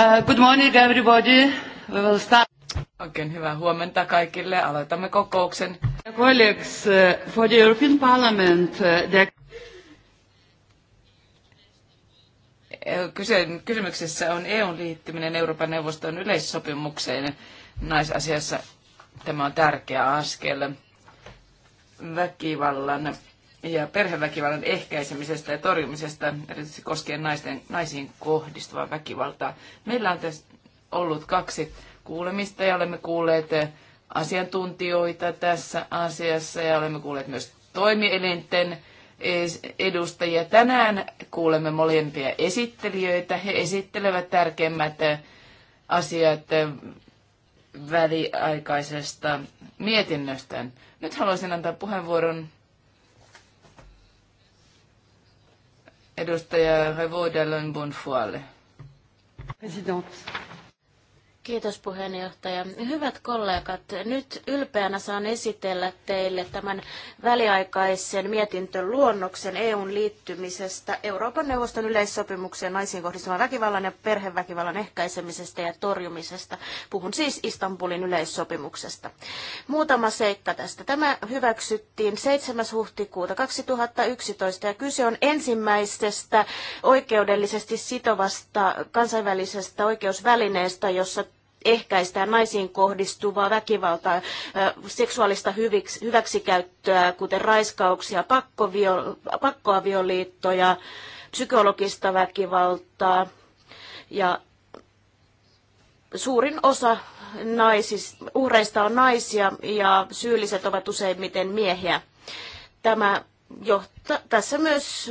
Uh, good morning everybody. We will start. Oikein hyvää huomenta kaikille. Aloitamme kokouksen. Colleagues, uh, for the European Parliament, uh, the... Kysymyksessä on EUn liittyminen Euroopan neuvoston yleissopimukseen naisasiassa. Tämä on tärkeä askel väkivallan ja perheväkivallan ehkäisemisestä ja torjumisesta, erityisesti koskien naisten, naisiin kohdistuvaa väkivaltaa. Meillä on tässä ollut kaksi kuulemista ja olemme kuulleet asiantuntijoita tässä asiassa ja olemme kuulleet myös toimielinten edustajia. Tänään kuulemme molempia esittelijöitä. He esittelevät tärkeimmät asiat väliaikaisesta mietinnöstä. Nyt haluaisin antaa puheenvuoron Edustaja Revo Dallon Bonfualle. President. Kiitos puheenjohtaja. Hyvät kollegat, nyt ylpeänä saan esitellä teille tämän väliaikaisen mietintön luonnoksen EUn liittymisestä Euroopan neuvoston yleissopimukseen naisiin kohdistuvan väkivallan ja perheväkivallan ehkäisemisestä ja torjumisesta. Puhun siis Istanbulin yleissopimuksesta. Muutama seikka tästä. Tämä hyväksyttiin 7. huhtikuuta 2011 ja kyse on ensimmäisestä oikeudellisesti sitovasta kansainvälisestä oikeusvälineestä, jossa ehkäistään naisiin kohdistuvaa väkivaltaa, seksuaalista hyväksikäyttöä, kuten raiskauksia, pakkoavioliittoja, psykologista väkivaltaa. Ja suurin osa naisis, uhreista on naisia ja syylliset ovat useimmiten miehiä. Tämä johta, tässä myös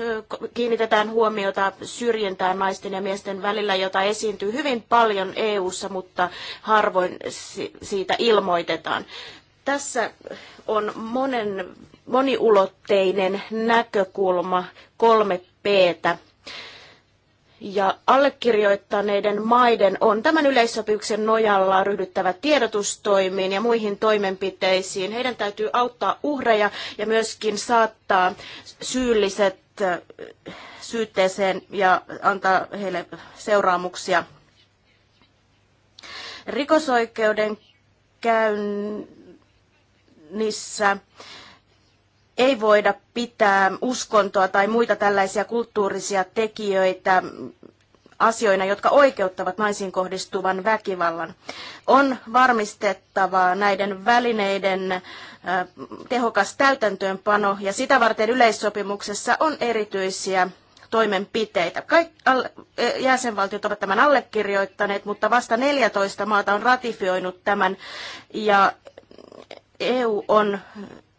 kiinnitetään huomiota syrjintään naisten ja miesten välillä, jota esiintyy hyvin paljon EU:ssa, mutta harvoin siitä ilmoitetaan. Tässä on monen, moniulotteinen näkökulma kolme Ptä ja allekirjoittaneiden maiden on tämän yleissopimuksen nojalla ryhdyttävä tiedotustoimiin ja muihin toimenpiteisiin. Heidän täytyy auttaa uhreja ja myöskin saattaa syylliset eh, syytteeseen ja antaa heille seuraamuksia. Rikosoikeuden käynnissä ei voida pitää uskontoa tai muita tällaisia kulttuurisia tekijöitä asioina, jotka oikeuttavat naisiin kohdistuvan väkivallan. On varmistettava näiden välineiden tehokas täytäntöönpano ja sitä varten yleissopimuksessa on erityisiä toimenpiteitä. Kaikki e, jäsenvaltiot ovat tämän allekirjoittaneet, mutta vasta 14 maata on ratifioinut tämän ja EU on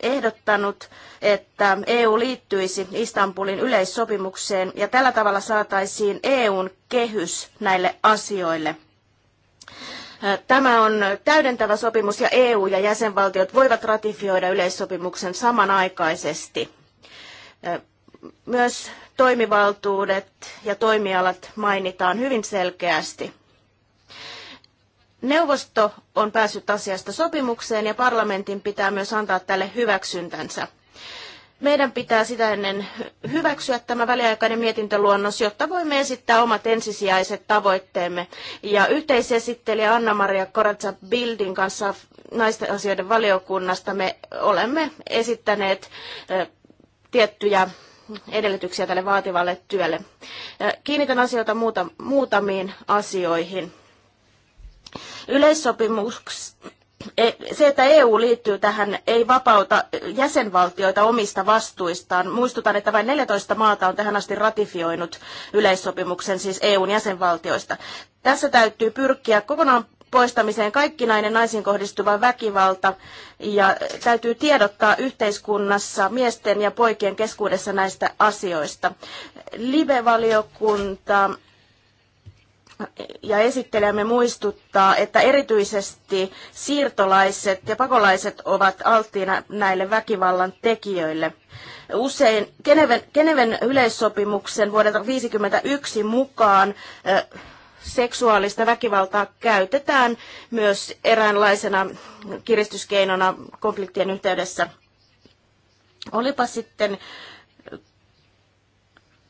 ehdottanut, että EU liittyisi Istanbulin yleissopimukseen ja tällä tavalla saataisiin EUn kehys näille asioille. Tämä on täydentävä sopimus ja EU ja jäsenvaltiot voivat ratifioida yleissopimuksen samanaikaisesti. Myös toimivaltuudet ja toimialat mainitaan hyvin selkeästi. Neuvosto on päässyt asiasta sopimukseen ja parlamentin pitää myös antaa tälle hyväksyntänsä. Meidän pitää sitä ennen hyväksyä tämä väliaikainen mietintöluonnos, jotta voimme esittää omat ensisijaiset tavoitteemme. Ja yhteisesittelijä Anna-Maria Koratsa Bildin kanssa naisten asioiden valiokunnasta me olemme esittäneet tiettyjä edellytyksiä tälle vaativalle työlle. Kiinnitän asioita muuta, muutamiin asioihin. Yleissopimus e-, se, että EU liittyy tähän, ei vapauta jäsenvaltioita omista vastuistaan. Muistutan, että vain 14 maata on tähän asti ratifioinut yleissopimuksen, siis EUn jäsenvaltioista. Tässä täytyy pyrkiä kokonaan poistamiseen kaikkinainen naisiin kohdistuva väkivalta ja täytyy tiedottaa yhteiskunnassa miesten ja poikien keskuudessa näistä asioista. Live-valiokunta ja esittelemme muistuttaa, että erityisesti siirtolaiset ja pakolaiset ovat alttiina näille väkivallan tekijöille. Usein Geneven, Geneven yleissopimuksen vuodelta 1951 mukaan seksuaalista väkivaltaa käytetään myös eräänlaisena kiristyskeinona konfliktien yhteydessä. Olipa sitten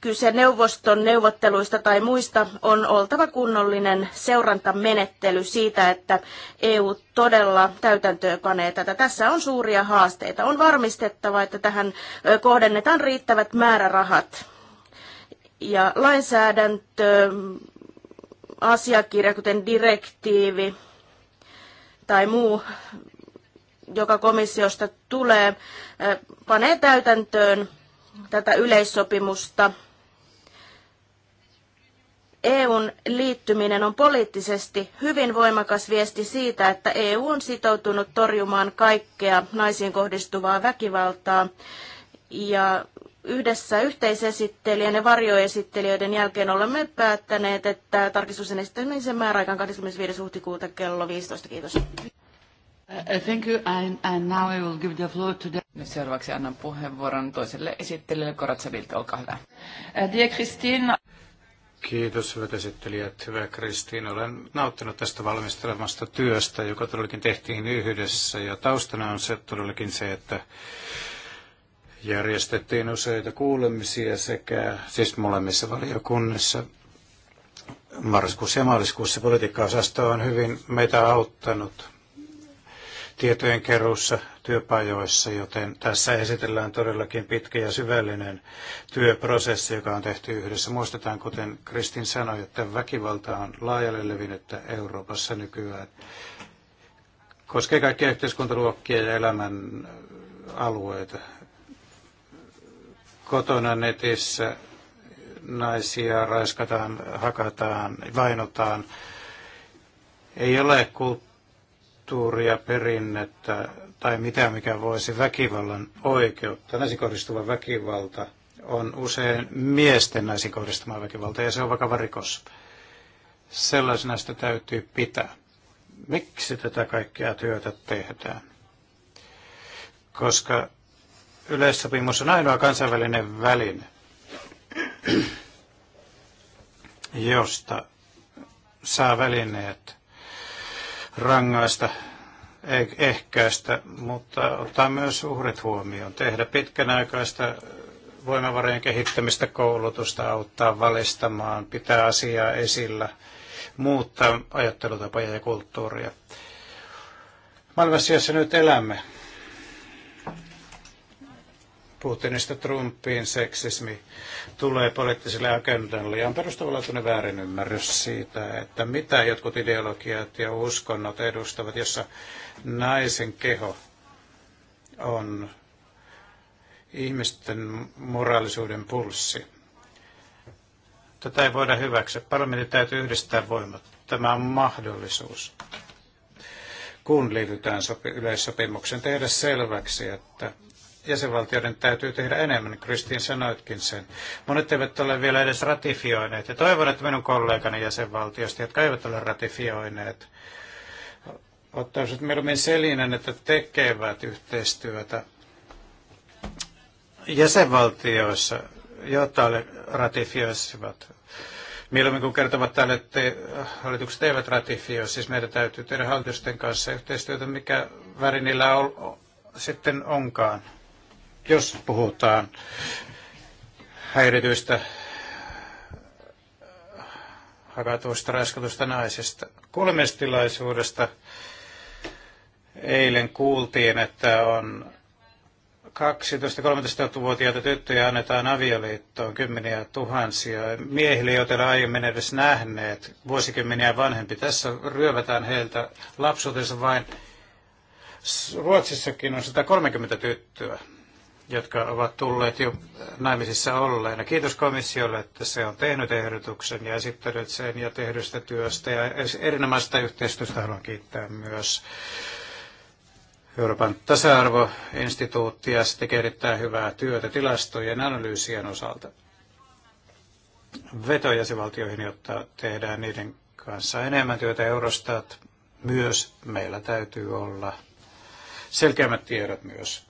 kyse neuvoston neuvotteluista tai muista, on oltava kunnollinen seurantamenettely siitä, että EU todella täytäntöönpanee tätä. Tässä on suuria haasteita. On varmistettava, että tähän kohdennetaan riittävät määrärahat. Ja lainsäädäntö, asiakirja, kuten direktiivi tai muu, joka komissiosta tulee, panee täytäntöön tätä yleissopimusta EUn liittyminen on poliittisesti hyvin voimakas viesti siitä, että EU on sitoutunut torjumaan kaikkea naisiin kohdistuvaa väkivaltaa. Ja yhdessä yhteisesittelijän ja varjoesittelijöiden jälkeen olemme päättäneet, että tarkistuksen esittämisen määräaikaan 25. huhtikuuta kello 15. Kiitos. Uh, thank you, and, now I will give the floor to the... Nyt seuraavaksi annan puheenvuoron toiselle esittelijälle Koratsadilta, olkaa hyvä. Uh, dear Christine, Kiitos hyvät esittelijät. Hyvä Kristiin. Olen nauttinut tästä valmistelemasta työstä, joka todellakin tehtiin yhdessä. Ja taustana on se todellakin se, että järjestettiin useita kuulemisia sekä siis molemmissa valiokunnissa. Marraskuussa ja maaliskuussa politiikkaosasto on hyvin meitä auttanut tietojen keruussa työpajoissa, joten tässä esitellään todellakin pitkä ja syvällinen työprosessi, joka on tehty yhdessä. Muistetaan, kuten Kristin sanoi, että väkivalta on laajalle levinnyttä Euroopassa nykyään. Koskee kaikkia yhteiskuntaluokkia ja elämän alueita. Kotona netissä naisia raiskataan, hakataan, vainotaan. Ei ole kulttuuria kulttuuria, perinnettä tai mitä, mikä voisi väkivallan oikeutta. Naisiin kohdistuva väkivalta on usein miesten naisiin kohdistama väkivalta ja se on vakava rikos. Sellaisena sitä täytyy pitää. Miksi tätä kaikkea työtä tehdään? Koska yleissopimus on ainoa kansainvälinen väline, josta saa välineet rangaista eh, ehkäistä, mutta ottaa myös uhrit huomioon, tehdä pitkänaikaista voimavarojen kehittämistä, koulutusta, auttaa valistamaan, pitää asiaa esillä, muuttaa ajattelutapoja ja kulttuuria. Maailmassa, jossa nyt elämme, Putinista Trumpiin seksismi tulee poliittiselle agendalle ja on tuonne väärinymmärrys siitä, että mitä jotkut ideologiat ja uskonnot edustavat, jossa naisen keho on ihmisten moraalisuuden pulssi. Tätä ei voida hyväksyä. Parlamentin täytyy yhdistää voimat. Tämä on mahdollisuus kun liitytään sopi- yleissopimukseen, tehdä selväksi, että jäsenvaltioiden täytyy tehdä enemmän, Kristiin sanoitkin sen. Monet eivät ole vielä edes ratifioineet, ja toivon, että minun kollegani jäsenvaltiosta, jotka eivät ole ratifioineet, ottaisivat mieluummin selinen, että tekevät yhteistyötä jäsenvaltioissa, joita ratifioisivat. Mieluummin kun kertovat täällä, että hallitukset eivät ratifioi, siis meidän täytyy tehdä hallitusten kanssa yhteistyötä, mikä väri niillä on, sitten onkaan. Jos puhutaan häirityistä hakatuista raiskatusta naisista. Kuulemistilaisuudesta eilen kuultiin, että on 12-13-vuotiaita tyttöjä annetaan avioliittoon kymmeniä tuhansia. Miehille, joita aiemmin edes nähneet, vuosikymmeniä vanhempi. Tässä ryövätään heiltä lapsuutensa vain. Ruotsissakin on 130 tyttöä jotka ovat tulleet jo naimisissa olleena. Kiitos komissiolle, että se on tehnyt ehdotuksen ja esittänyt sen ja tehdystä työstä. Ja erinomaista yhteistyöstä haluan kiittää myös Euroopan tasa-arvoinstituuttia. Se tekee erittäin hyvää työtä tilastojen analyysien osalta. Vetojäsivaltioihin, jotta tehdään niiden kanssa enemmän työtä Eurostat, myös meillä täytyy olla selkeämmät tiedot myös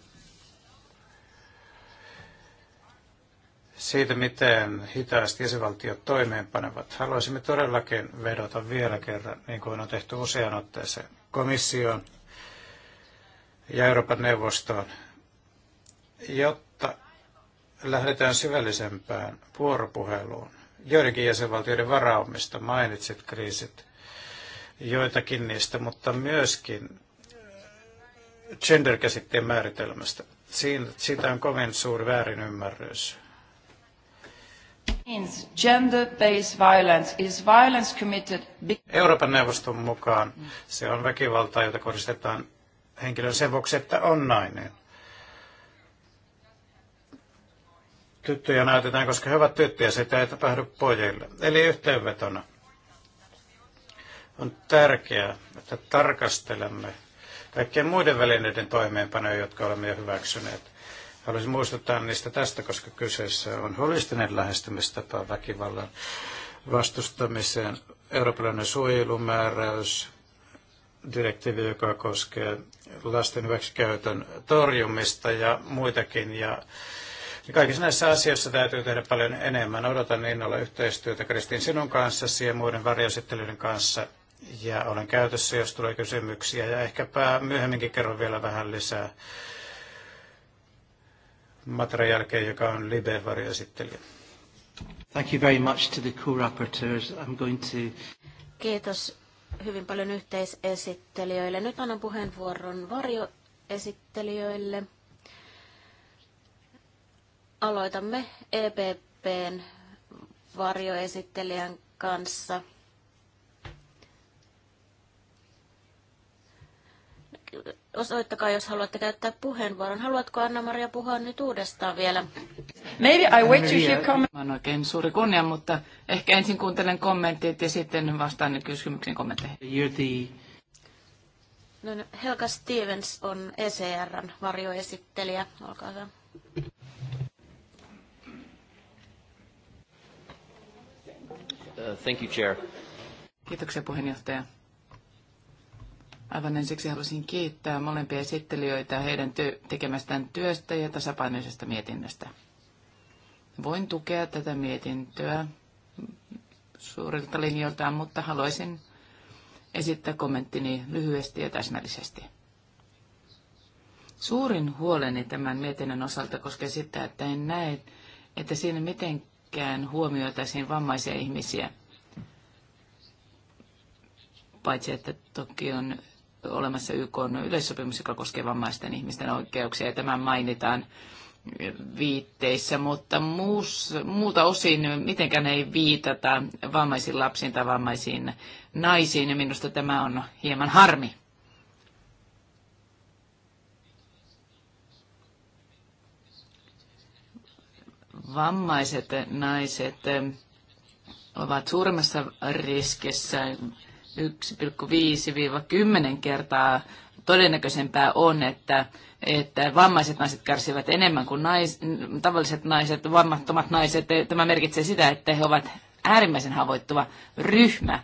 siitä, miten hitaasti jäsenvaltiot toimeenpanevat. Haluaisimme todellakin vedota vielä kerran, niin kuin on tehty usean otteeseen, komissioon ja Euroopan neuvostoon, jotta lähdetään syvällisempään vuoropuheluun. Joidenkin jäsenvaltioiden varaumista mainitsit kriisit, joitakin niistä, mutta myöskin gender-käsitteen määritelmästä. Siitä on kovin suuri väärinymmärrys Euroopan neuvoston mukaan se on väkivaltaa, jota kohdistetaan henkilön sen vuoksi, että on nainen. Tyttöjä näytetään, koska he ovat tyttöjä, sitä ei tapahdu pojille. Eli yhteenvetona on tärkeää, että tarkastelemme kaikkien muiden välineiden toimeenpanoja, jotka olemme jo hyväksyneet Haluaisin muistuttaa niistä tästä, koska kyseessä on holistinen lähestymistapa väkivallan vastustamiseen. Eurooppalainen suojelumääräys, direktiivi, joka koskee lasten hyväksikäytön torjumista ja muitakin. Ja kaikissa näissä asioissa täytyy tehdä paljon enemmän. Odotan niin olla yhteistyötä Kristin sinun kanssa ja muiden varjoesittelyiden kanssa. Ja olen käytössä, jos tulee kysymyksiä. Ja ehkäpä myöhemminkin kerron vielä vähän lisää Matran jälkeen, joka on Libe-varjoesittelijä. Thank you very much to the co-rapporteurs. I'm going to... Kiitos hyvin paljon yhteisesittelijöille. Nyt annan puheenvuoron varjoesittelijöille. Aloitamme EPPn varjoesittelijän kanssa. osoittakaa, jos haluatte käyttää puheenvuoron. Haluatko Anna-Maria puhua nyt uudestaan vielä? Maybe I wait to hear comments. Mä oikein suuri kunnia, mutta ehkä ensin kuuntelen kommentit ja sitten vastaan kysymyksiin kommentteihin. No, no, Helga Stevens on ECRn varjoesittelijä. Olkaa hyvä. Uh, thank you, Chair. Kiitoksia puheenjohtaja. Aivan ensiksi haluaisin kiittää molempia esittelijöitä heidän tekemästään työstä ja tasapainoisesta mietinnöstä. Voin tukea tätä mietintöä suurilta linjoiltaan, mutta haluaisin esittää kommenttini lyhyesti ja täsmällisesti. Suurin huoleni tämän mietinnön osalta koskee sitä, että en näe, että siinä mitenkään huomioitaisiin vammaisia ihmisiä. Paitsi että toki on olemassa YK yleissopimus, joka koskee vammaisten ihmisten oikeuksia, ja tämä mainitaan viitteissä, mutta muus, muuta osin mitenkään ei viitata vammaisiin lapsiin tai vammaisiin naisiin, ja minusta tämä on hieman harmi. Vammaiset naiset ovat suuremmassa riskissä 1,5-10 kertaa todennäköisempää on, että, että vammaiset naiset kärsivät enemmän kuin nais, tavalliset naiset, vammattomat naiset. Tämä merkitsee sitä, että he ovat äärimmäisen haavoittuva ryhmä.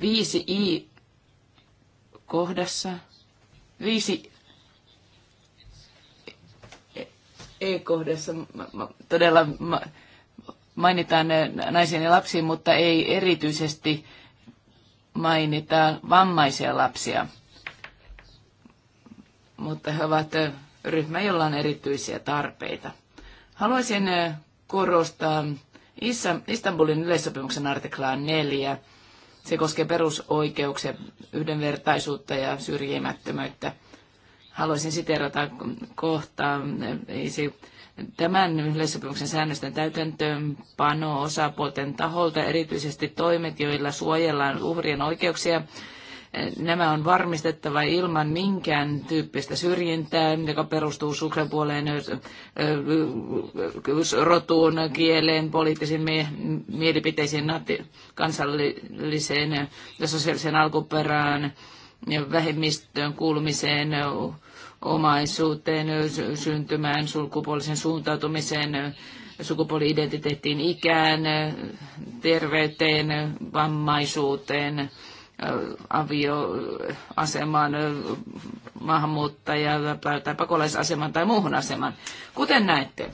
5i kohdassa, 5 e-kohdassa todella mainitaan naisiin ja lapsiin, mutta ei erityisesti mainita vammaisia lapsia, mutta he ovat ryhmä, jolla on erityisiä tarpeita. Haluaisin korostaa Istanbulin yleissopimuksen artiklaa 4. Se koskee perusoikeuksia, yhdenvertaisuutta ja syrjimättömyyttä. Haluaisin siterata kohtaa. Tämän yleissopimuksen säännösten täytäntöönpano osapuolten taholta, erityisesti toimet, joilla suojellaan uhrien oikeuksia, Nämä on varmistettava ilman minkään tyyppistä syrjintää, joka perustuu sukupuoleen, rotuun, kieleen, poliittisiin mielipiteisiin, kansalliseen ja sosiaaliseen alkuperään, vähemmistöön kuulumiseen, omaisuuteen, syntymään, sulkupuolisen suuntautumiseen, sukupuoli-identiteettiin, ikään, terveyteen, vammaisuuteen, avioasemaan, maahanmuuttaja tai pakolaisaseman tai muuhun asemaan. Kuten näette,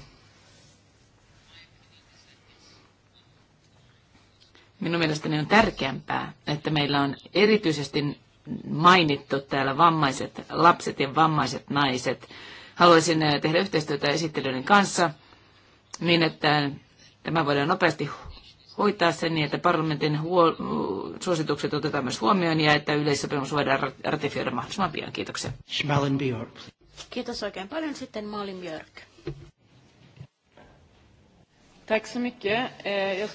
minun mielestäni on tärkeämpää, että meillä on erityisesti mainittu täällä vammaiset lapset ja vammaiset naiset. Haluaisin eh, tehdä yhteistyötä esittelyiden kanssa niin, että tämä voidaan nopeasti hoitaa sen niin, että parlamentin huol- suositukset otetaan myös huomioon ja että yleissopimus voidaan ratifioida mahdollisimman pian. Kiitoksia. Björk. Kiitos oikein paljon. Sitten Malin Björk. Eh,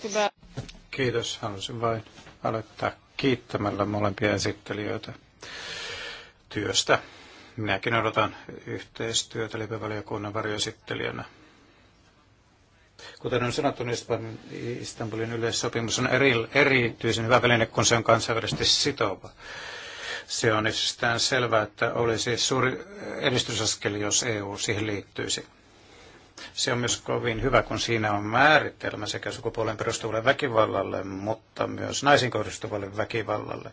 Kiitos. Haluaisin vain aloittaa kiittämällä molempia esittelijöitä työstä. Minäkin odotan yhteistyötä lipevaliokunnan varjoesittelijänä. Kuten on sanottu, niin Istanbulin yleissopimus on eri, erityisen hyvä väline, kun se on kansainvälisesti sitova. Se on itsestään selvää, että olisi suuri edistysaskeli, jos EU siihen liittyisi. Se on myös kovin hyvä, kun siinä on määritelmä sekä sukupuolen perustuvalle väkivallalle, mutta myös naisiin kohdistuvalle väkivallalle.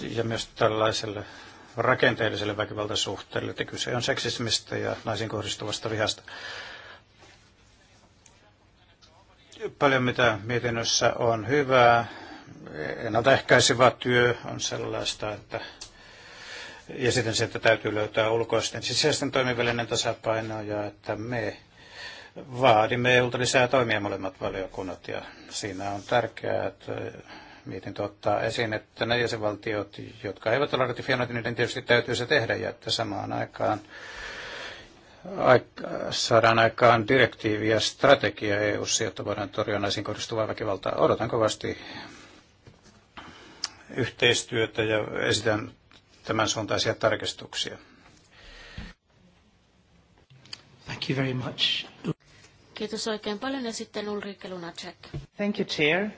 Ja myös tällaiselle rakenteelliselle väkivaltasuhteelle, että kyse on seksismistä ja naisiin kohdistuvasta vihasta paljon mitä mietinnössä on hyvää. Ennaltaehkäisevä työ on sellaista, että ja sitten se, että täytyy löytää ulkoisten sisäisten toimivälinen tasapaino ja että me vaadimme EUlta lisää toimia molemmat valiokunnat ja siinä on tärkeää, että mietin ottaa esiin, että ne jäsenvaltiot, jotka eivät ole ratifioineet, niiden tietysti täytyy se tehdä ja että samaan aikaan saadaan aikaan direktiivi ja strategia eu jotta voidaan torjua naisiin kohdistuvaa väkivaltaa. Odotan kovasti yhteistyötä ja esitän tämän suuntaisia tarkistuksia. Thank you very much. Kiitos oikein paljon ja sitten Ulrike Lunacek. Thank you, Chair.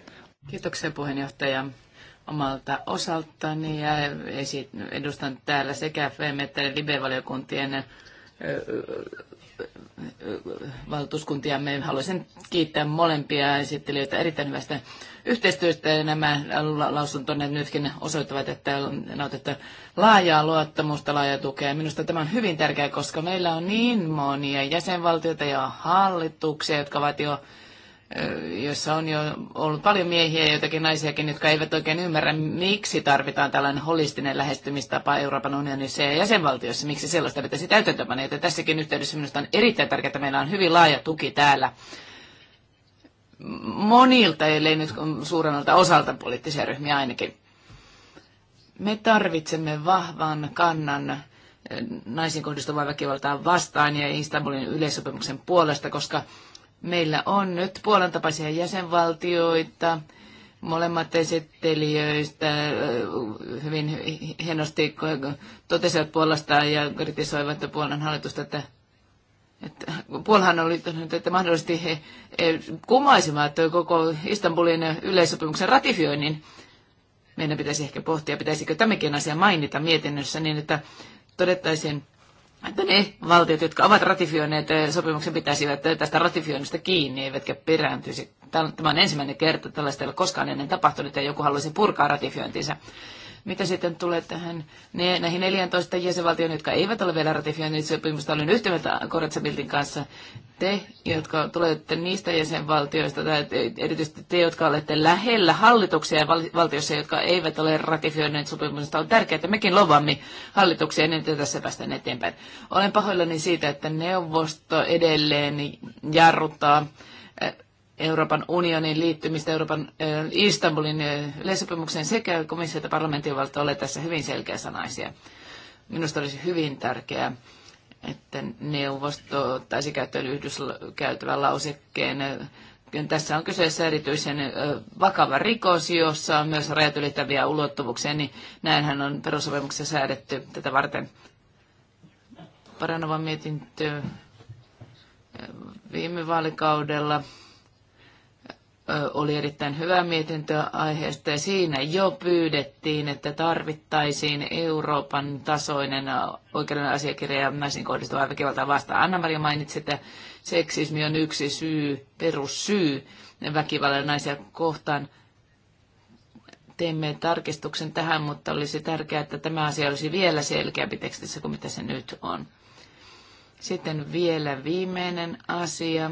Kiitoksia puheenjohtaja omalta osaltani ja edustan täällä sekä FEM että Libe-valiokuntien me Haluaisin kiittää molempia esittelijöitä erittäin hyvästä yhteistyöstä. Nämä lausuntonne nytkin osoittavat, että on otettu laajaa luottamusta, laajaa tukea. Minusta tämä on hyvin tärkeää, koska meillä on niin monia jäsenvaltioita ja hallituksia, jotka ovat jo jossa on jo ollut paljon miehiä ja jotakin naisiakin, jotka eivät oikein ymmärrä, miksi tarvitaan tällainen holistinen lähestymistapa Euroopan unionissa ja jäsenvaltiossa, miksi sellaista pitäisi täytäntöpanna. että tässäkin yhteydessä minusta on erittäin tärkeää, että meillä on hyvin laaja tuki täällä monilta, ellei nyt suurennalta osalta poliittisia ryhmiä ainakin. Me tarvitsemme vahvan kannan naisiin kohdistuvaa väkivaltaa vastaan ja Istanbulin yleissopimuksen puolesta, koska Meillä on nyt puolentapaisia jäsenvaltioita, molemmat esittelijöistä hyvin hienosti totesivat Puolasta ja kritisoivat Puolan hallitusta, että, että Puolhan oli tullut, että mahdollisesti he kumaisivat koko Istanbulin yleissopimuksen ratifioinnin. Meidän pitäisi ehkä pohtia, pitäisikö tämäkin asia mainita mietinnössä niin, että todettaisiin, että ne valtiot, jotka ovat ratifioineet eh, sopimuksen, pitäisivät eh, tästä ratifioinnista kiinni, eivätkä perääntyisi. Tämä on ensimmäinen kerta, tällaista ei ole koskaan ennen tapahtunut, ja joku haluaisi purkaa ratifiointinsa. Mitä sitten tulee tähän ne, näihin 14 jäsenvaltioon, jotka eivät ole vielä ratifioineet sopimusta, olen yhtä mieltä Koretsabiltin kanssa. Te, jotka tulette niistä jäsenvaltioista, tai erityisesti te, jotka olette lähellä hallituksia ja valtioissa, jotka eivät ole ratifioineet sopimusta, on tärkeää, että mekin lovamme hallituksia ennen niin tässä päästään eteenpäin. Olen pahoillani siitä, että neuvosto edelleen jarruttaa Euroopan unionin liittymistä Euroopan äh, Istanbulin yleisopimukseen sekä komissio- että parlamentin valta ole tässä hyvin selkeäsanaisia. Minusta olisi hyvin tärkeää, että neuvosto ottaisi käyttöön yhdyskäytävän lausekkeen. Tässä on kyseessä erityisen vakava rikos, jossa on myös rajat ylittäviä ulottuvuuksia, niin näinhän on perusopimuksessa säädetty tätä varten. Paranova mietintö viime vaalikaudella oli erittäin hyvä mietintö aiheesta ja siinä jo pyydettiin, että tarvittaisiin Euroopan tasoinen oikeudellinen asiakirja naisiin kohdistuvaa väkivaltaa vastaan. Anna-Maria mainitsi, että seksismi on yksi syy, perussyy väkivallan naisia kohtaan. Teemme tarkistuksen tähän, mutta olisi tärkeää, että tämä asia olisi vielä selkeämpi tekstissä kuin mitä se nyt on. Sitten vielä viimeinen asia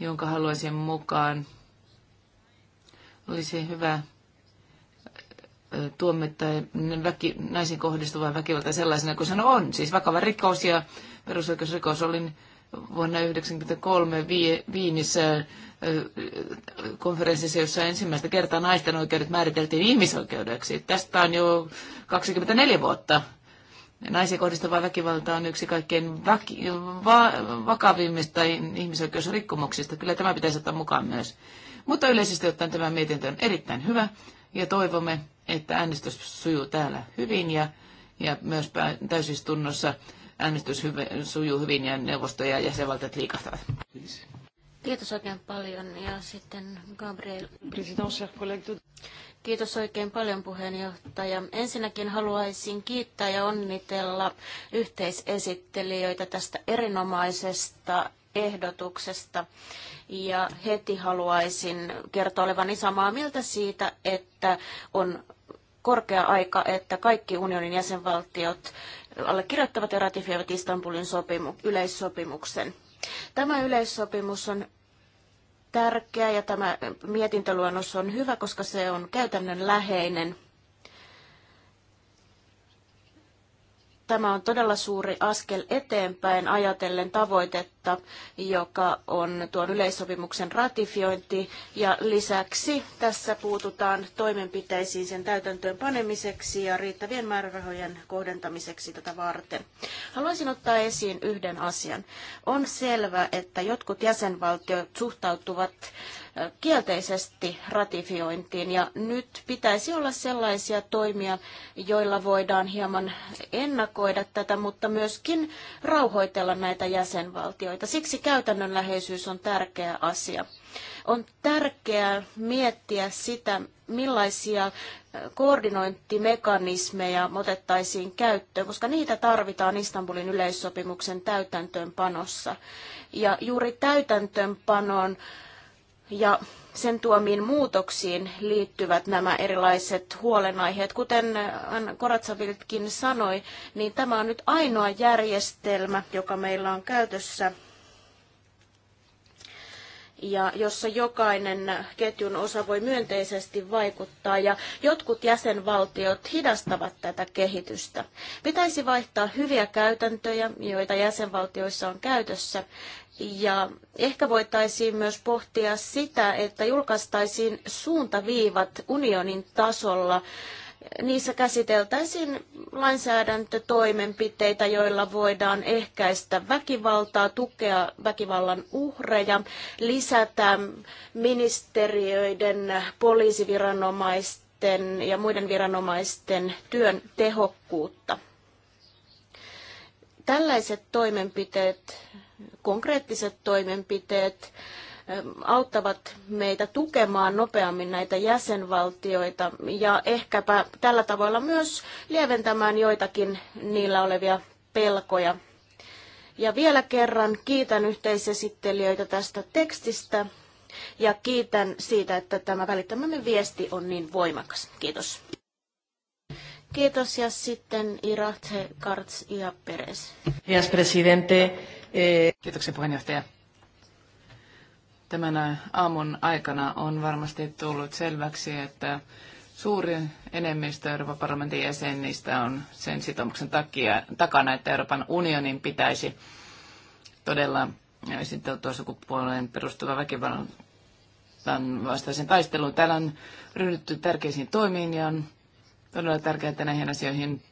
jonka haluaisin mukaan. Olisi hyvä tuomittaa väki, naisiin kohdistuvaa väkivaltaa sellaisena kuin se on. Siis vakava rikos ja perusoikeusrikos. Olin vuonna 1993 Viinissä konferenssissa, jossa ensimmäistä kertaa naisten oikeudet määriteltiin ihmisoikeudeksi. Tästä on jo 24 vuotta Naisiin kohdistuvaa väkivalta on yksi kaikkein väki, va, vakavimmista ihmisoikeusrikkomuksista. Kyllä tämä pitäisi ottaa mukaan myös. Mutta yleisesti ottaen tämä mietintö on erittäin hyvä ja toivomme, että äänestys sujuu täällä hyvin ja, ja myös täysistunnossa äänestys hyve, sujuu hyvin ja neuvosto ja jäsenvaltiot liikahtavat. Kiitos oikein paljon ja sitten Gabriel. Kiitos oikein paljon puheenjohtaja. Ensinnäkin haluaisin kiittää ja onnitella yhteisesittelijöitä tästä erinomaisesta ehdotuksesta. Ja heti haluaisin kertoa olevani samaa mieltä siitä, että on korkea aika, että kaikki unionin jäsenvaltiot allekirjoittavat ja ratifioivat Istanbulin sopimu- yleissopimuksen. Tämä yleissopimus on tärkeä ja tämä mietintöluonnos on hyvä, koska se on käytännön läheinen. Tämä on todella suuri askel eteenpäin ajatellen tavoitetta vuotta, joka on tuon yleissopimuksen ratifiointi. Ja lisäksi tässä puututaan toimenpiteisiin sen täytäntöön panemiseksi ja riittävien määrärahojen kohdentamiseksi tätä varten. Haluaisin ottaa esiin yhden asian. On selvä, että jotkut jäsenvaltiot suhtautuvat kielteisesti ratifiointiin ja nyt pitäisi olla sellaisia toimia, joilla voidaan hieman ennakoida tätä, mutta myöskin rauhoitella näitä jäsenvaltioita asioita. Siksi käytännönläheisyys on tärkeä asia. On tärkeää miettiä sitä, millaisia koordinointimekanismeja otettaisiin käyttöön, koska niitä tarvitaan Istanbulin yleissopimuksen täytäntöönpanossa. Ja juuri täytäntöönpanoon ja sen tuomiin muutoksiin liittyvät nämä erilaiset huolenaiheet. Kuten Koratsaviltkin sanoi, niin tämä on nyt ainoa järjestelmä, joka meillä on käytössä, ja jossa jokainen ketjun osa voi myönteisesti vaikuttaa ja jotkut jäsenvaltiot hidastavat tätä kehitystä. Pitäisi vaihtaa hyviä käytäntöjä, joita jäsenvaltioissa on käytössä ja ehkä voitaisiin myös pohtia sitä, että julkaistaisiin suuntaviivat unionin tasolla niissä käsiteltäisiin lainsäädäntötoimenpiteitä, joilla voidaan ehkäistä väkivaltaa, tukea väkivallan uhreja, lisätä ministeriöiden, poliisiviranomaisten ja muiden viranomaisten työn tehokkuutta. Tällaiset toimenpiteet, konkreettiset toimenpiteet, auttavat meitä tukemaan nopeammin näitä jäsenvaltioita ja ehkäpä tällä tavalla myös lieventämään joitakin niillä olevia pelkoja. Ja vielä kerran kiitän yhteisesittelijöitä tästä tekstistä ja kiitän siitä, että tämä välittämämme viesti on niin voimakas. Kiitos. Kiitos ja sitten Iratse Karts ja Peres. Kiitos presidente. Eh, Kiitoksia puheenjohtaja. Tämän aamun aikana on varmasti tullut selväksi, että suuri enemmistö Euroopan parlamentin jäsenistä on sen sitoumuksen takia, takana, että Euroopan unionin pitäisi todella esiintyä sukupuoleen perustuva väkivallan vastaisen taisteluun. Täällä on ryhdytty tärkeisiin toimiin ja on todella tärkeää, että näihin asioihin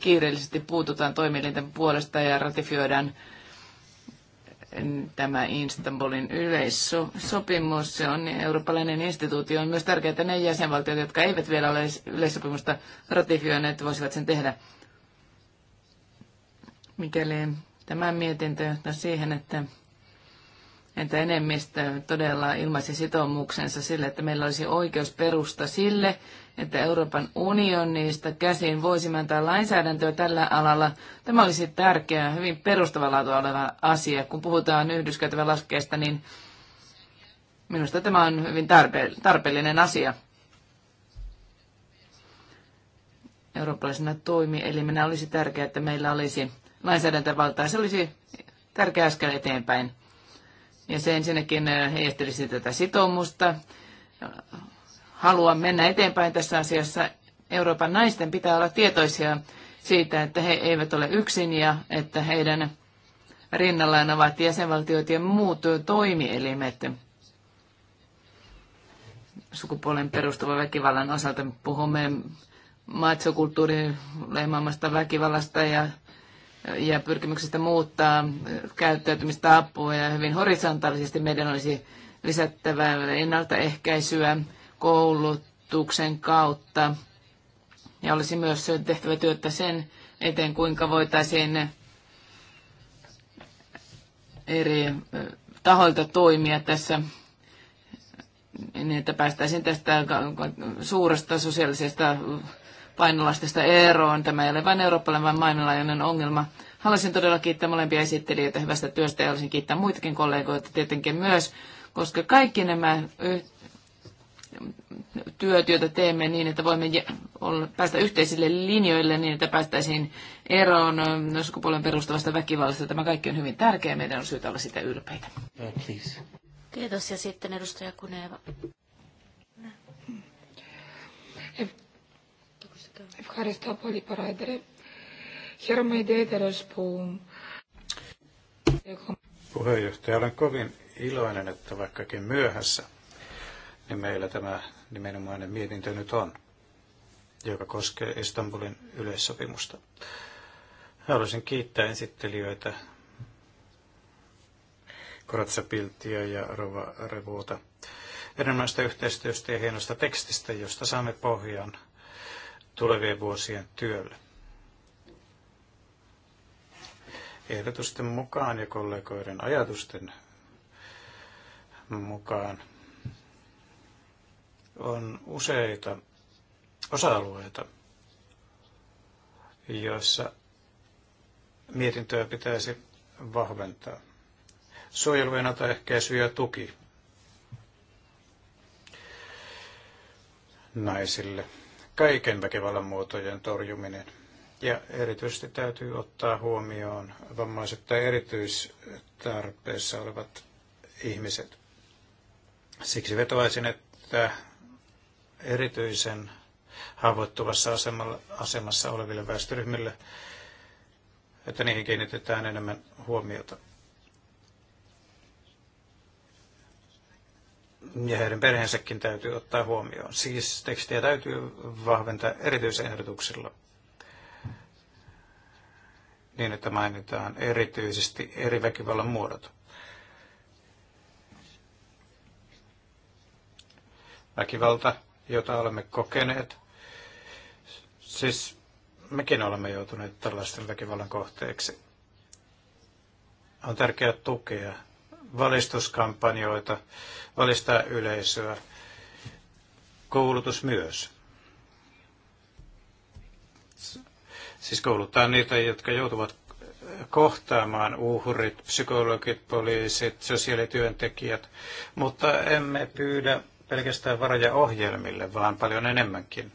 kiireellisesti puututaan toimielinten puolesta ja ratifioidaan tämä Istanbulin yleissopimus. Se on eurooppalainen instituutio. On myös tärkeää, että ne jäsenvaltiot, jotka eivät vielä ole yleissopimusta ratifioineet, voisivat sen tehdä. Mikäli tämä mietintö johtaa siihen, että, että enemmistö todella ilmaisi sitoumuksensa sille, että meillä olisi oikeus perusta sille, että Euroopan unionista käsin voisi antaa lainsäädäntöä tällä alalla. Tämä olisi tärkeä, hyvin perustavanlaatua oleva asia. Kun puhutaan yhdyskäytävän laskeesta, niin minusta tämä on hyvin tarpeellinen asia. Eurooppalaisena toimielimenä olisi tärkeää, että meillä olisi lainsäädäntövaltaa. Se olisi tärkeä askel eteenpäin. Ja se ensinnäkin eh, heijastelisi tätä sitoumusta halua mennä eteenpäin tässä asiassa. Euroopan naisten pitää olla tietoisia siitä, että he eivät ole yksin ja että heidän rinnallaan ovat jäsenvaltiot ja muut toimielimet. Sukupuolen perustuvan väkivallan osalta puhumme maatsokulttuurin leimaamasta väkivallasta ja, ja pyrkimyksestä muuttaa käyttäytymistä apua ja hyvin horisontaalisesti meidän olisi lisättävää ennaltaehkäisyä koulutuksen kautta. Ja olisi myös tehtävä työtä sen eteen, kuinka voitaisiin eri tahoilta toimia tässä niin, että päästäisiin tästä suuresta sosiaalisesta painolastista eroon. Tämä ei ole vain eurooppalainen, vaan maailmanlaajuinen ongelma. Haluaisin todella kiittää molempia esittelijöitä hyvästä työstä ja haluaisin kiittää muitakin kollegoita tietenkin myös, koska kaikki nämä työt, joita teemme niin, että voimme olla, päästä yhteisille linjoille niin, että päästäisiin eroon no, sukupuolen perustavasta väkivallasta. Tämä kaikki on hyvin tärkeää. Meidän on syytä olla sitä ylpeitä. Uh, please. Kiitos. Ja sitten edustaja Kuneva. Puheenjohtaja, olen kovin iloinen, että vaikkakin myöhässä niin meillä tämä nimenomainen mietintö nyt on, joka koskee Istanbulin yleissopimusta. Haluaisin kiittää esittelijöitä Piltia ja Rova Revuota erinomaisesta yhteistyöstä ja hienosta tekstistä, josta saamme pohjan tulevien vuosien työlle. Ehdotusten mukaan ja kollegoiden ajatusten mukaan on useita osa-alueita, joissa mietintöä pitäisi vahventaa. Suojelu, ennaltaehkäisy ja tuki naisille. Kaiken väkivallan muotojen torjuminen. Ja erityisesti täytyy ottaa huomioon vammaiset tai erityistarpeissa olevat ihmiset. Siksi vetoaisin, että erityisen haavoittuvassa asemassa oleville väestöryhmille, että niihin kiinnitetään enemmän huomiota. Ja heidän perheensäkin täytyy ottaa huomioon. Siis tekstiä täytyy vahventaa erityisehdotuksilla niin, että mainitaan erityisesti eri väkivallan muodot. Väkivalta, jota olemme kokeneet. Siis mekin olemme joutuneet tällaisten väkivallan kohteeksi. On tärkeää tukea valistuskampanjoita, valistaa yleisöä, koulutus myös. Siis kouluttaa niitä, jotka joutuvat kohtaamaan uhrit, psykologit, poliisit, sosiaalityöntekijät, mutta emme pyydä pelkästään varoja ohjelmille, vaan paljon enemmänkin.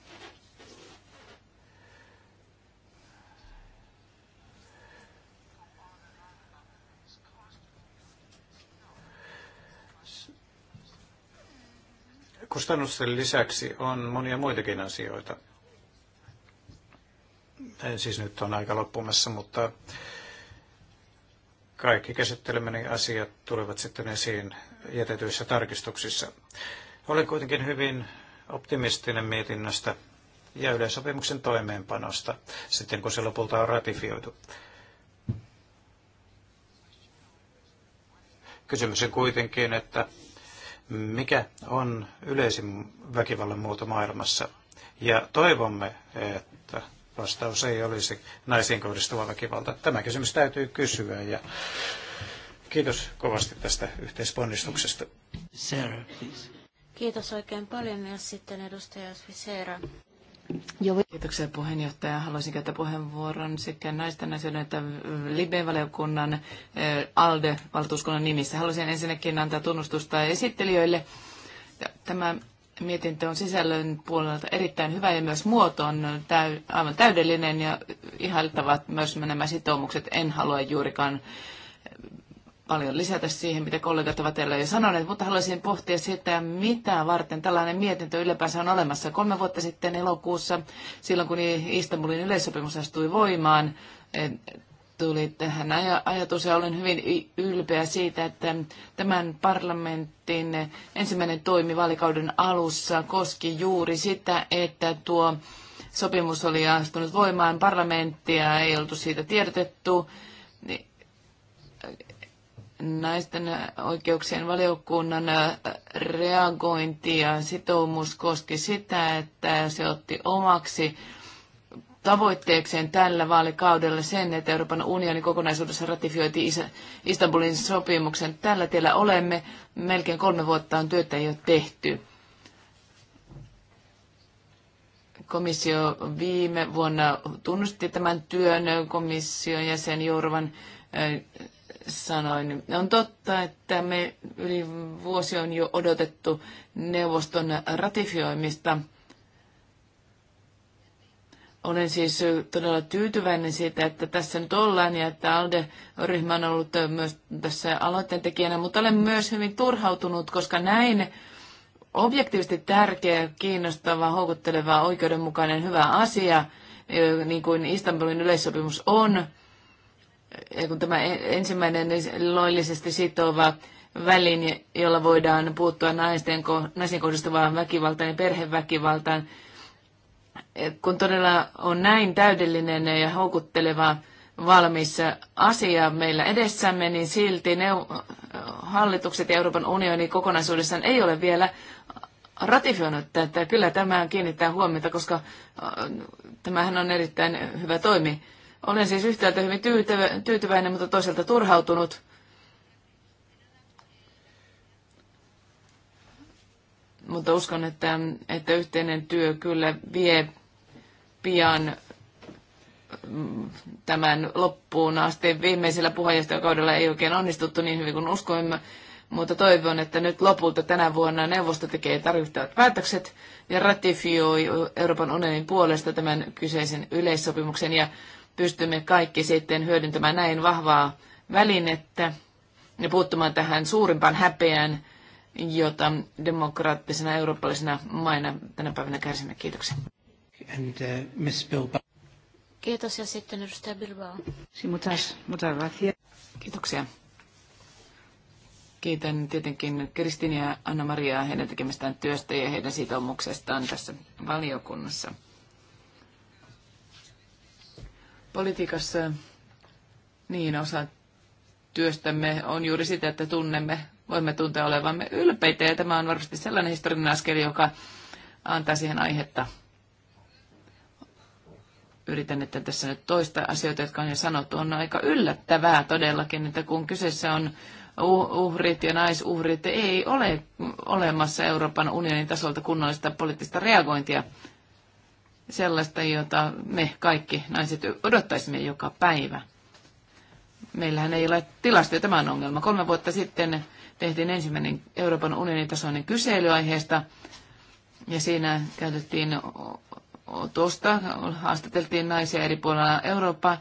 Kustannusten lisäksi on monia muitakin asioita. En siis nyt on aika loppumassa, mutta kaikki käsittelemäni asiat tulevat sitten esiin jätetyissä tarkistuksissa. Olen kuitenkin hyvin optimistinen mietinnöstä ja yleisopimuksen toimeenpanosta, sitten kun se lopulta on ratifioitu. Kysymys on kuitenkin, että mikä on yleisin väkivallan muoto maailmassa. Ja toivomme, että vastaus ei olisi naisiin kohdistuva väkivalta. Tämä kysymys täytyy kysyä ja kiitos kovasti tästä yhteisponnistuksesta. Sarah, please. Kiitos oikein paljon ja sitten edustaja Svisera. kiitoksia puheenjohtaja. Haluaisin käyttää puheenvuoron sekä naisten asioiden että äh, Libe-valiokunnan äh, ALDE-valtuuskunnan nimissä. Haluaisin ensinnäkin antaa tunnustusta esittelijöille. Tämä mietintö on sisällön puolelta erittäin hyvä ja myös muoto on täy, aivan täydellinen ja ihailtavat myös nämä sitoumukset. En halua juurikaan paljon lisätä siihen, mitä kollegat ovat teille jo sanoneet, mutta haluaisin pohtia sitä, mitä varten tällainen mietintö ylipäänsä on olemassa. Kolme vuotta sitten elokuussa, silloin kun Istanbulin yleissopimus astui voimaan, eh, tuli tähän ajatus ja olen hyvin ylpeä siitä, että tämän parlamentin ensimmäinen toimi vaalikauden alussa koski juuri sitä, että tuo sopimus oli astunut voimaan, parlamenttia ei oltu siitä tiedotettu naisten oikeuksien valiokunnan äh, reagointi ja sitoumus koski sitä, että se otti omaksi tavoitteekseen tällä vaalikaudella sen, että Euroopan unionin kokonaisuudessa ratifioiti Istanbulin sopimuksen. Tällä tiellä olemme. Melkein kolme vuotta on työtä jo tehty. Komissio viime vuonna tunnusti tämän työn komission jäsen Jourovan äh, sanoin. On totta, että me yli vuosi on jo odotettu neuvoston ratifioimista. Olen siis todella tyytyväinen siitä, että tässä nyt ollaan ja että ALDE-ryhmä on ollut myös tässä aloitteen tekijänä, mutta olen myös hyvin turhautunut, koska näin objektiivisesti tärkeä, kiinnostava, houkutteleva, oikeudenmukainen, hyvä asia, eh, niin kuin Istanbulin yleissopimus on, kun tämä ensimmäinen loillisesti sitova välin, jolla voidaan puuttua naisten, naisiin kohdistuvaan väkivaltaan ja perheväkivaltaan, kun todella on näin täydellinen ja houkutteleva valmis asia meillä edessämme, niin silti ne hallitukset ja Euroopan unioni kokonaisuudessaan ei ole vielä ratifioinut tätä. Kyllä tämä kiinnittää huomiota, koska äh, tämähän on erittäin hyvä toimi olen siis yhtäältä hyvin tyytyväinen, mutta toisaalta turhautunut. Mutta uskon, että, että yhteinen työ kyllä vie pian mm, tämän loppuun asti. Viimeisellä puheenjohtajakaudella ei oikein onnistuttu niin hyvin kuin uskoimme, mutta toivon, että nyt lopulta tänä vuonna neuvosto tekee tarvittavat päätökset ja ratifioi Euroopan unionin puolesta tämän kyseisen yleissopimuksen. Ja pystymme kaikki sitten hyödyntämään näin vahvaa välinettä ja puuttumaan tähän suurimpaan häpeään, jota demokraattisena eurooppalaisena maina tänä päivänä kärsimme. Kiitoksia. And, uh, Miss Kiitos ja sitten edustaja Bilbao. Si, muchas, muchas Kiitoksia. Kiitän tietenkin Kristin ja Anna-Mariaa heidän tekemistään työstä ja heidän sitoumuksestaan tässä valiokunnassa. Politiikassa niin osa työstämme on juuri sitä, että tunnemme, voimme tuntea olevamme ylpeitä ja tämä on varmasti sellainen historiallinen askel, joka antaa siihen aihetta. Yritän, että tässä nyt toista asioita, jotka on jo sanottu. On aika yllättävää todellakin, että kun kyseessä on uhrit ja naisuhrit, ei ole olemassa Euroopan unionin tasolta kunnollista poliittista reagointia sellaista, jota me kaikki naiset odottaisimme joka päivä. Meillähän ei ole tilastoja tämän ongelma. Kolme vuotta sitten tehtiin ensimmäinen Euroopan unionin tasoinen kysely aiheesta, ja siinä käytettiin tuosta, haastateltiin naisia eri puolilla Eurooppaa.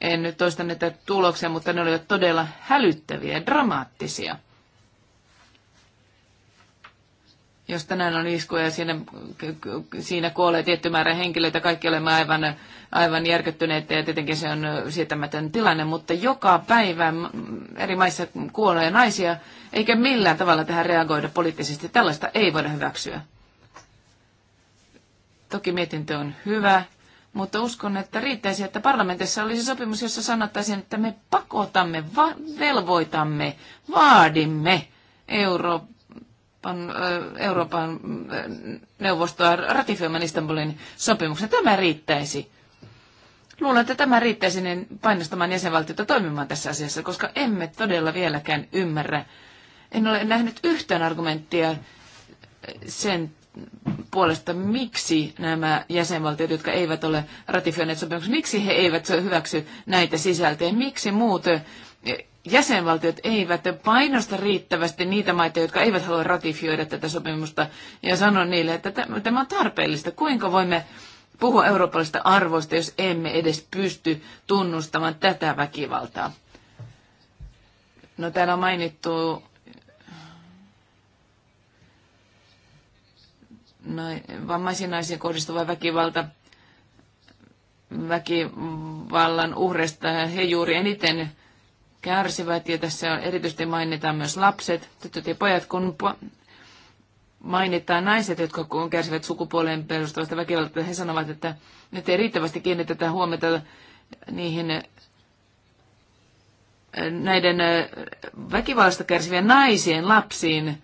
En nyt toista näitä tuloksia, mutta ne olivat todella hälyttäviä ja dramaattisia – jos tänään on isku ja siinä, siinä kuolee tietty määrä henkilöitä, kaikki olemme aivan, aivan järkyttyneitä ja tietenkin se on sietämätön tilanne, mutta joka päivä eri maissa kuolee naisia, eikä millään tavalla tähän reagoida poliittisesti. Tällaista ei voida hyväksyä. Toki mietintö on hyvä, mutta uskon, että riittäisi, että parlamentissa olisi sopimus, jossa sanottaisiin, että me pakotamme, va- velvoitamme, vaadimme Euroopan Euroopan, Euroopan neuvostoa ratifioimaan Istanbulin sopimuksen. Tämä riittäisi. Luulen, että tämä riittäisi niin painostamaan jäsenvaltiota toimimaan tässä asiassa, koska emme todella vieläkään ymmärrä. En ole nähnyt yhtään argumenttia sen puolesta, miksi nämä jäsenvaltiot, jotka eivät ole ratifioineet sopimuksen, miksi he eivät hyväksy näitä sisältöjä, miksi muut jäsenvaltiot eivät painosta riittävästi niitä maita, jotka eivät halua ratifioida tätä sopimusta ja sano niille, että tämä on tarpeellista. Kuinka voimme puhua eurooppalaisista arvoista, jos emme edes pysty tunnustamaan tätä väkivaltaa? No täällä on mainittu no, vammaisiin naisiin kohdistuva väkivalta väkivallan uhreista. He juuri eniten kärsivät, ja tässä on, erityisesti mainitaan myös lapset, tytöt ja pojat, kun mainitaan naiset, jotka kärsivät sukupuoleen perustuvasta väkivallasta, he sanovat, että nyt ei riittävästi kiinnitetä huomiota niihin äh, näiden äh, väkivallasta kärsivien naisien lapsiin.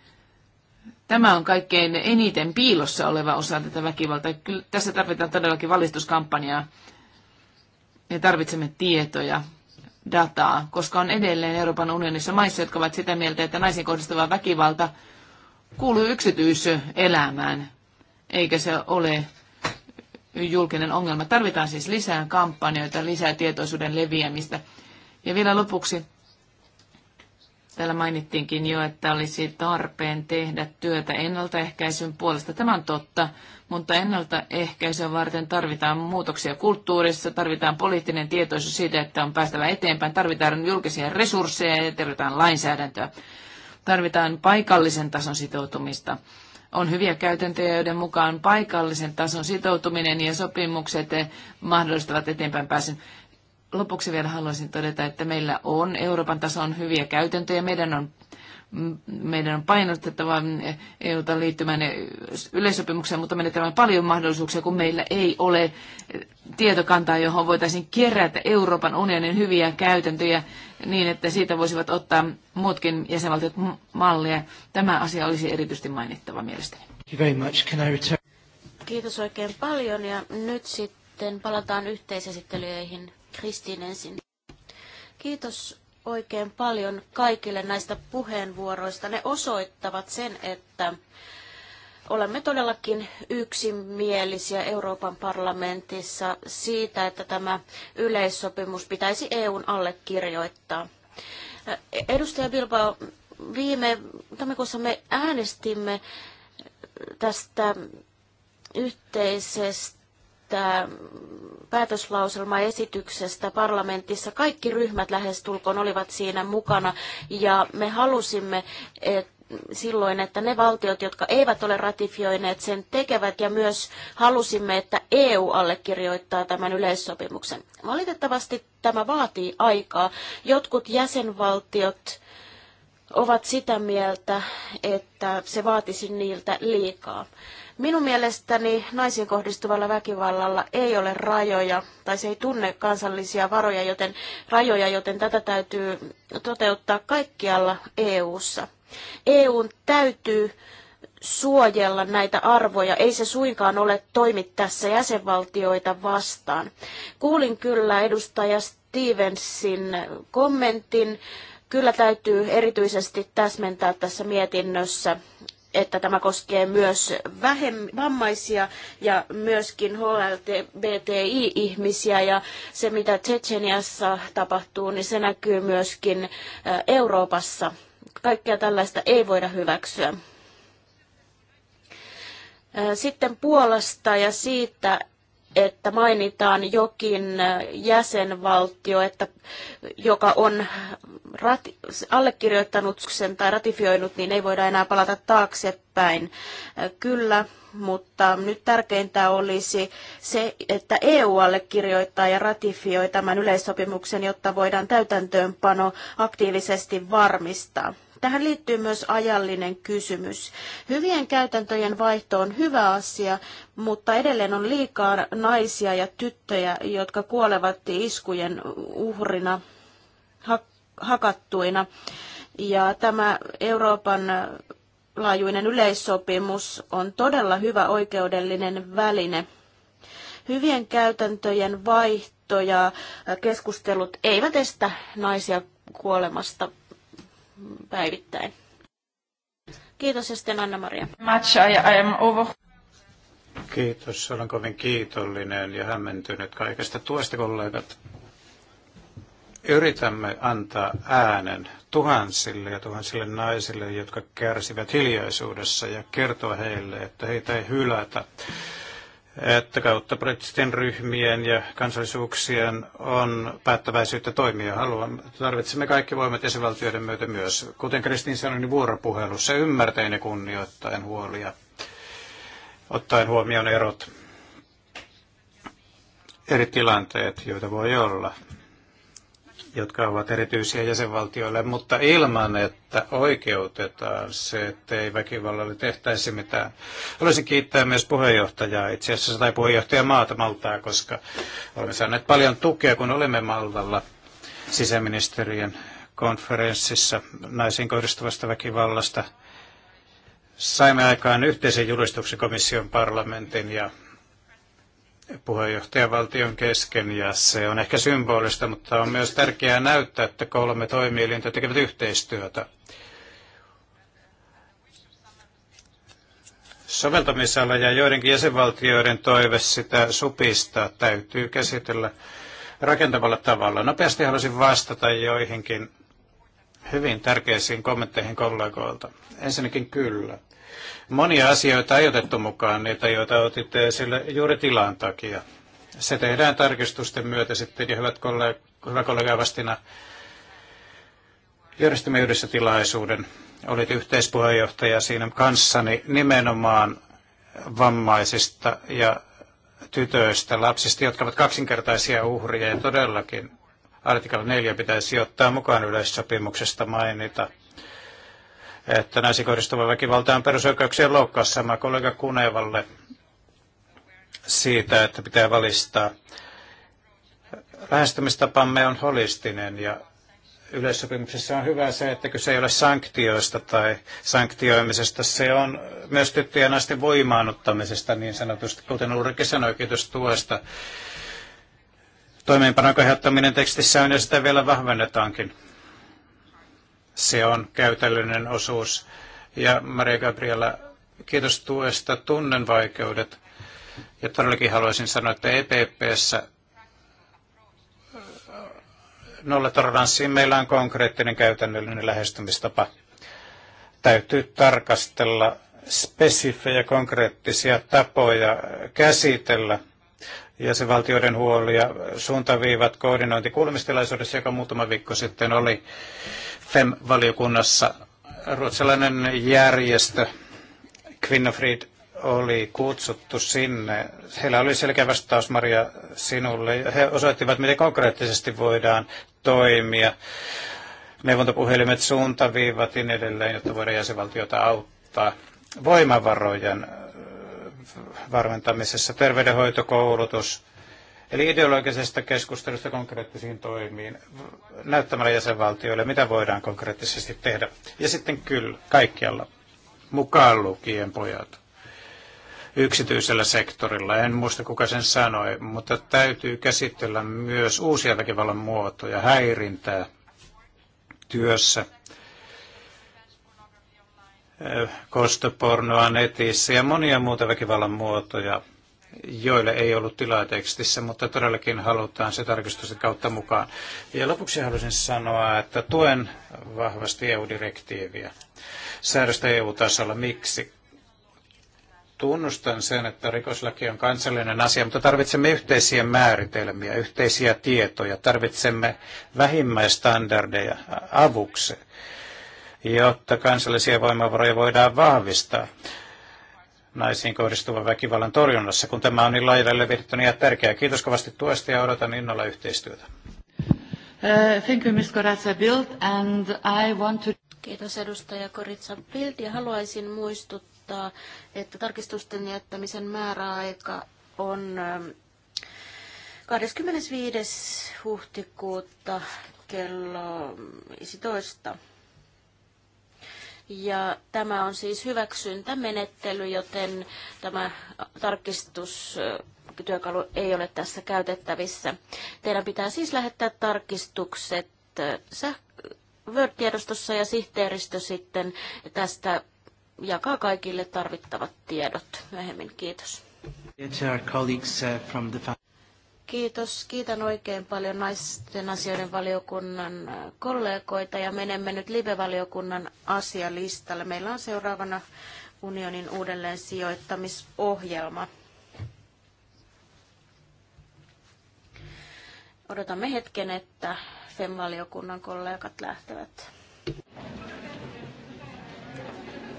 Tämä on kaikkein eniten piilossa oleva osa tätä väkivaltaa. Kyllä tässä tarvitaan todellakin valistuskampanjaa ja tarvitsemme tietoja dataa, koska on edelleen Euroopan unionissa maissa, jotka ovat sitä mieltä, että naisiin kohdistuva väkivalta kuuluu yksityiselämään, eikä se ole julkinen ongelma. Tarvitaan siis lisää kampanjoita, lisää tietoisuuden leviämistä. Ja vielä lopuksi Täällä mainittiinkin jo, että olisi tarpeen tehdä työtä ennaltaehkäisyn puolesta. Tämä on totta, mutta ennaltaehkäisyä varten tarvitaan muutoksia kulttuurissa, tarvitaan poliittinen tietoisuus siitä, että on päästävä eteenpäin, tarvitaan julkisia resursseja ja tarvitaan lainsäädäntöä. Tarvitaan paikallisen tason sitoutumista. On hyviä käytäntöjä, joiden mukaan paikallisen tason sitoutuminen ja sopimukset mahdollistavat eteenpäin pääsyn. Lopuksi vielä haluaisin todeta, että meillä on Euroopan tason hyviä käytäntöjä. Meidän on meidän on painostettava ta liittymään yleissopimukseen, mutta menetelmä on paljon mahdollisuuksia, kun meillä ei ole tietokantaa, johon voitaisiin kerätä Euroopan unionin hyviä käytäntöjä niin, että siitä voisivat ottaa muutkin jäsenvaltiot mallia. Tämä asia olisi erityisesti mainittava mielestäni. Kiitos oikein paljon ja nyt sitten palataan yhteisesittelyihin Kristin ensin. Kiitos oikein paljon kaikille näistä puheenvuoroista. Ne osoittavat sen, että olemme todellakin yksimielisiä Euroopan parlamentissa siitä, että tämä yleissopimus pitäisi EUn allekirjoittaa. Edustaja Bilbao, viime tammikuussa me äänestimme tästä yhteisestä että päätöslauselmaesityksestä parlamentissa kaikki ryhmät lähestulkoon olivat siinä mukana ja me halusimme, että silloin, että ne valtiot, jotka eivät ole ratifioineet, sen tekevät ja myös halusimme, että EU allekirjoittaa tämän yleissopimuksen. Valitettavasti tämä vaatii aikaa. Jotkut jäsenvaltiot ovat sitä mieltä, että se vaatisi niiltä liikaa. Minun mielestäni naisiin kohdistuvalla väkivallalla ei ole rajoja, tai se ei tunne kansallisia varoja, joten, rajoja, joten tätä täytyy toteuttaa kaikkialla EU:ssa. EUn täytyy suojella näitä arvoja. Ei se suinkaan ole toimit tässä jäsenvaltioita vastaan. Kuulin kyllä edustaja Stevensin kommentin. Kyllä täytyy erityisesti täsmentää tässä mietinnössä että tämä koskee myös vähem, vammaisia ja myöskin HLTBTI ihmisiä Ja se, mitä Tsecheniassa tapahtuu, niin se näkyy myöskin Euroopassa. Kaikkea tällaista ei voida hyväksyä. Sitten Puolasta ja siitä, että mainitaan jokin jäsenvaltio, että, joka on rati, allekirjoittanut sen tai ratifioinut, niin ei voida enää palata taaksepäin. Kyllä, mutta nyt tärkeintä olisi se, että EU allekirjoittaa ja ratifioi tämän yleissopimuksen, jotta voidaan täytäntöönpano aktiivisesti varmistaa. Tähän liittyy myös ajallinen kysymys. Hyvien käytäntöjen vaihto on hyvä asia, mutta edelleen on liikaa naisia ja tyttöjä, jotka kuolevat iskujen uhrina, hakattuina. Ja tämä Euroopan laajuinen yleissopimus on todella hyvä oikeudellinen väline. Hyvien käytäntöjen vaihto ja keskustelut eivät estä naisia kuolemasta päivittäin. Kiitos ja sitten Anna-Maria. Much I am over. Kiitos, olen kovin kiitollinen ja hämmentynyt kaikesta tuosta kollegat. Yritämme antaa äänen tuhansille ja tuhansille naisille, jotka kärsivät hiljaisuudessa ja kertoa heille, että heitä ei hylätä että kautta poliittisten ryhmien ja kansallisuuksien on päättäväisyyttä toimia. Haluamme, tarvitsemme kaikki voimat jäsenvaltioiden myötä myös. Kuten Kristin sanoi, niin vuoropuhelussa ymmärtäen ja kunnioittain huolia, ottaen huomioon erot, eri tilanteet, joita voi olla jotka ovat erityisiä jäsenvaltioille, mutta ilman, että oikeutetaan se, ettei väkivallalle tehtäisi mitään. Haluaisin kiittää myös puheenjohtajaa itse asiassa tai maata Maltaa, koska olemme saaneet paljon tukea, kun olemme Maltalla sisäministeriön konferenssissa naisiin kohdistuvasta väkivallasta. Saimme aikaan yhteisen julistuksen komission parlamentin ja puheenjohtajavaltion kesken ja se on ehkä symbolista, mutta on myös tärkeää näyttää, että kolme toimielintä tekevät yhteistyötä. Soveltamisalla ja joidenkin jäsenvaltioiden toive sitä supistaa täytyy käsitellä rakentavalla tavalla. Nopeasti haluaisin vastata joihinkin hyvin tärkeisiin kommentteihin kollegoilta. Ensinnäkin kyllä. Monia asioita ei otettu mukaan, niitä joita otitte esille juuri tilan takia. Se tehdään tarkistusten myötä sitten ja hyvät kollega, hyvä kollega Vastina järjestimme yhdessä tilaisuuden. Olit yhteispuheenjohtaja siinä kanssani nimenomaan vammaisista ja tytöistä, lapsista, jotka ovat kaksinkertaisia uhria ja todellakin artikla 4 pitäisi ottaa mukaan yleissopimuksesta mainita että naisiin kohdistuva väkivalta on perusoikeuksien loukkaus. Sama kollega Kunevalle siitä, että pitää valistaa. Lähestymistapamme on holistinen ja yleissopimuksessa on hyvä se, että kyse ei ole sanktioista tai sanktioimisesta. Se on myös tyttöjen ja naisten voimaannuttamisesta niin sanotusti, kuten Ulrikki sanoi, kiitos tuosta. Toimeenpanon kohdattaminen tekstissä on ja sitä vielä vahvennetaankin. Se on käytännöllinen osuus. Ja Maria Gabriela, kiitos tuesta. Tunnen vaikeudet. Ja todellakin haluaisin sanoa, että EPPssä äh, nollatoleranssiin meillä on konkreettinen käytännöllinen lähestymistapa. Täytyy tarkastella spesifejä konkreettisia tapoja käsitellä jäsenvaltioiden ja suuntaviivat koordinointi kuulemistilaisuudessa, joka muutama viikko sitten oli FEM-valiokunnassa. Ruotsalainen järjestö Kvinnofrid oli kutsuttu sinne. Heillä oli selkeä vastaus Maria sinulle. He osoittivat, miten konkreettisesti voidaan toimia. Neuvontapuhelimet, suuntaviivat ja niin edelleen, jotta voidaan jäsenvaltiota auttaa. Voimavarojen varmentamisessa, terveydenhoito, koulutus. Eli ideologisesta keskustelusta konkreettisiin toimiin näyttämällä jäsenvaltioille, mitä voidaan konkreettisesti tehdä. Ja sitten kyllä, kaikkialla, mukaan lukien pojat yksityisellä sektorilla. En muista kuka sen sanoi, mutta täytyy käsitellä myös uusia väkivallan muotoja, häirintää työssä – kostopornoa netissä ja monia muuta väkivallan muotoja, joille ei ollut tilaa tekstissä, mutta todellakin halutaan se tarkistusten kautta mukaan. Ja lopuksi haluaisin sanoa, että tuen vahvasti EU-direktiiviä, säädöstä EU-tasolla. Miksi? Tunnustan sen, että rikoslaki on kansallinen asia, mutta tarvitsemme yhteisiä määritelmiä, yhteisiä tietoja, tarvitsemme vähimmäistandardeja avuksi jotta kansallisia voimavaroja voidaan vahvistaa naisiin kohdistuvan väkivallan torjunnassa, kun tämä on niin laajalle virttynyt ja tärkeää. Kiitos kovasti tuesta ja odotan innolla yhteistyötä. Uh, Kiitos edustaja Koritsa Bild, ja haluaisin muistuttaa, että tarkistusten jättämisen määräaika on 25. Um, huhtikuuta kello 15. Ja tämä on siis hyväksyntämenettely, joten tämä tarkistustyökalu ei ole tässä käytettävissä. Teidän pitää siis lähettää tarkistukset äh, Word-tiedostossa ja sihteeristö sitten tästä jakaa kaikille tarvittavat tiedot myöhemmin. Kiitos. Kiitos. Kiitän oikein paljon naisten asioiden valiokunnan kollegoita ja menemme nyt live-valiokunnan asialistalle. Meillä on seuraavana unionin uudelleen sijoittamisohjelma. Odotamme hetken, että FEM-valiokunnan kollegat lähtevät.